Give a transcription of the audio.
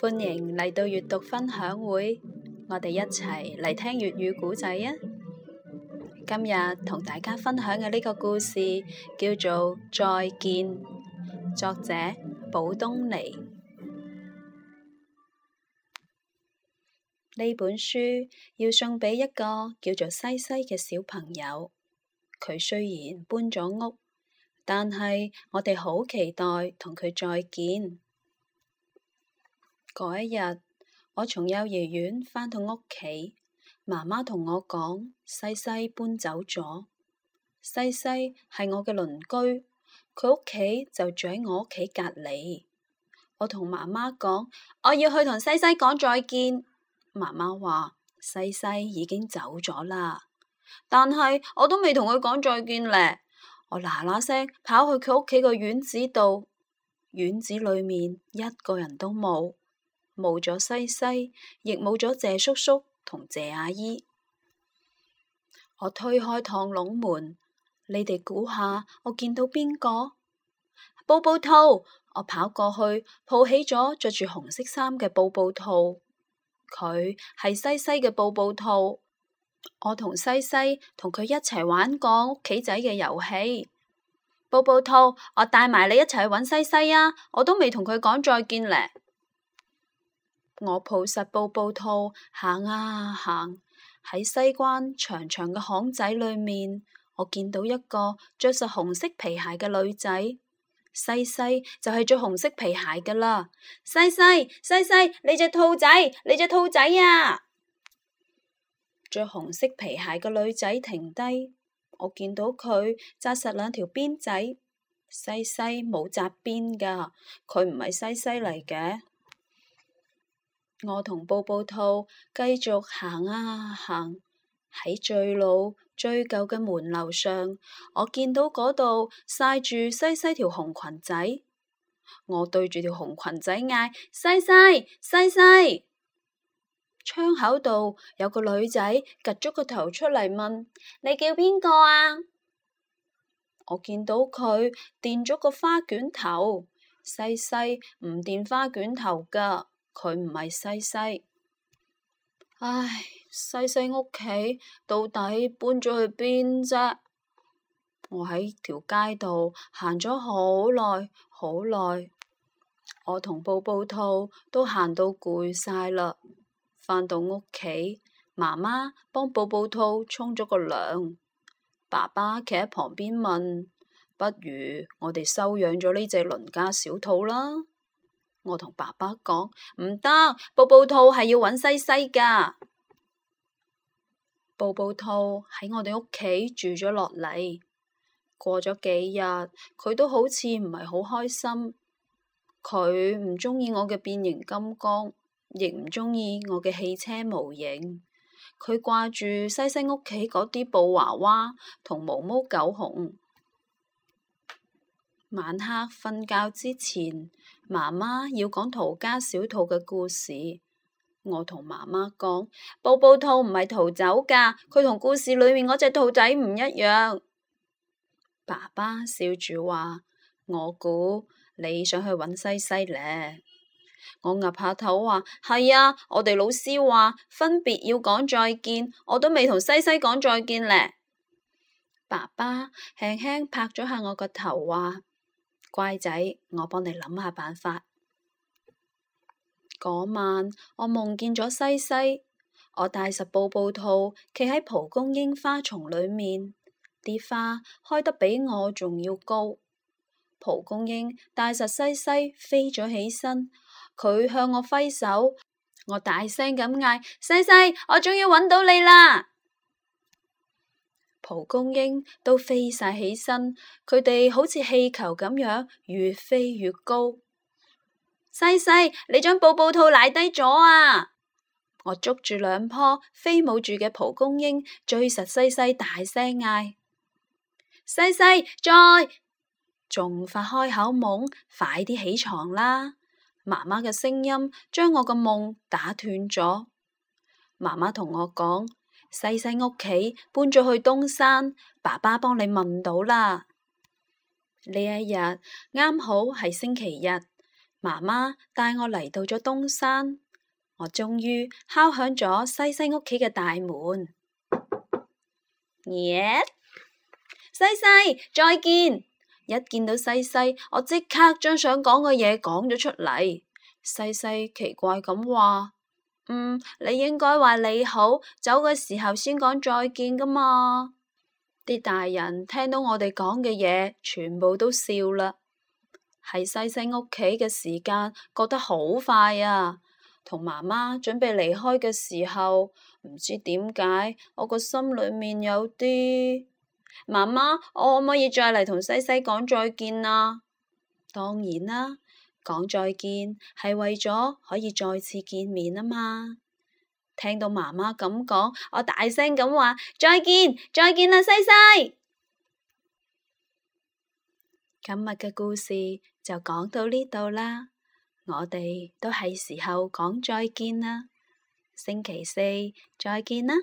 歡迎嚟到閱讀分享會，我哋一齊嚟聽粵語古仔啊！今日同大家分享嘅呢個故事叫做《再見》，作者保冬妮。呢本書要送俾一個叫做西西嘅小朋友，佢雖然搬咗屋，但係我哋好期待同佢再見。嗰一日，我從幼兒園返到屋企，媽媽同我講：西西搬走咗。西西係我嘅鄰居，佢屋企就住喺我屋企隔籬。我同媽媽講：我要去同西西講再見。媽媽話：西西已經走咗啦，但係我都未同佢講再見呢。我嗱嗱聲跑去佢屋企個院子度，院子裏面一個人都冇。冇咗西西，亦冇咗謝叔叔同謝阿姨。我推開趟籠門，你哋估下，我見到邊個？布布兔，我跑過去抱起咗着住紅色衫嘅布布兔。佢係西西嘅布布兔。我同西西同佢一齊玩過屋企仔嘅遊戲。布布兔，我帶埋你一齊去搵西西啊！我都未同佢講再見呢。我抱實布布兔行啊行，喺西關長長嘅巷仔裏面，我見到一個着實紅色皮鞋嘅女仔。西西就係着紅色皮鞋㗎喇。西西，西西，你隻兔仔，你隻兔仔啊！着紅色皮鞋嘅女仔停低，我見到佢紮實兩條辮仔。西西冇紮辮㗎，佢唔係西西嚟嘅。我同布布兔繼續行啊行，喺最老最舊嘅門樓上，我見到嗰度曬住西西條紅裙仔，我對住條紅裙仔嗌西西西西。西西窗口度有個女仔夾咗個頭出嚟問：你叫邊個啊？我見到佢電咗個花捲頭，西西唔電花卷頭㗎。佢唔係西西，唉，西西屋企到底搬咗去邊啫？我喺條街度行咗好耐，好耐。我同布布兔都行到攰晒啦，返到屋企，媽媽幫布布兔沖咗個涼，爸爸企喺旁邊問：不如我哋收養咗呢隻鄰家小兔啦？我同爸爸講，唔得，布布兔係要揾西西噶。布布兔喺我哋屋企住咗落嚟，過咗幾日，佢都好似唔係好開心。佢唔中意我嘅變形金剛，亦唔中意我嘅汽車模型。佢掛住西西屋企嗰啲布娃娃同毛毛狗熊。晚黑瞓覺之前，媽媽要講逃家小兔嘅故事，我同媽媽講，布布兔唔係逃走噶，佢同故事裏面嗰隻兔仔唔一樣。爸爸笑住話：我估你想去揾西西咧。我岌下頭話：係啊，我哋老師話分別要講再見，我都未同西西講再見咧。爸爸輕輕拍咗下我個頭話。乖仔，我幫你諗下辦法。嗰晚我夢見咗西西，我帶實布布兔企喺蒲公英花叢裏面，啲花開得比我仲要高。蒲公英帶實西西飛咗起身，佢向我揮手，我大聲咁嗌：西西，我終於揾到你啦！蒲公英都飛晒起身，佢哋好似氣球咁樣越飛越高。西西，你將布布兔賴低咗啊！我捉住兩棵飛舞住嘅蒲公英，追實西西大聲嗌：西西，再仲發開口夢，快啲起床啦！媽媽嘅聲音將我個夢打斷咗。媽媽同我講。西西屋企搬咗去東山，爸爸幫你問到啦。呢一日啱好係星期日，媽媽帶我嚟到咗東山，我終於敲響咗西西屋企嘅大門。耶！西西，再見！一見到西西，我即刻將想講嘅嘢講咗出嚟。西西奇怪咁話。嗯，你應該話你好，走嘅時候先講再見噶嘛。啲大人聽到我哋講嘅嘢，全部都笑啦。喺西西屋企嘅時間，過得好快啊。同媽媽準備離開嘅時候，唔知點解我個心裏面有啲……媽媽，我可唔可以再嚟同西西講再見啊？當然啦。講再見係為咗可以再次見面啊嘛！聽到媽媽咁講，我大聲咁話再見，再見啦，西西！今日嘅故事就講到呢度啦，我哋都係時候講再見啦，星期四，再見啦。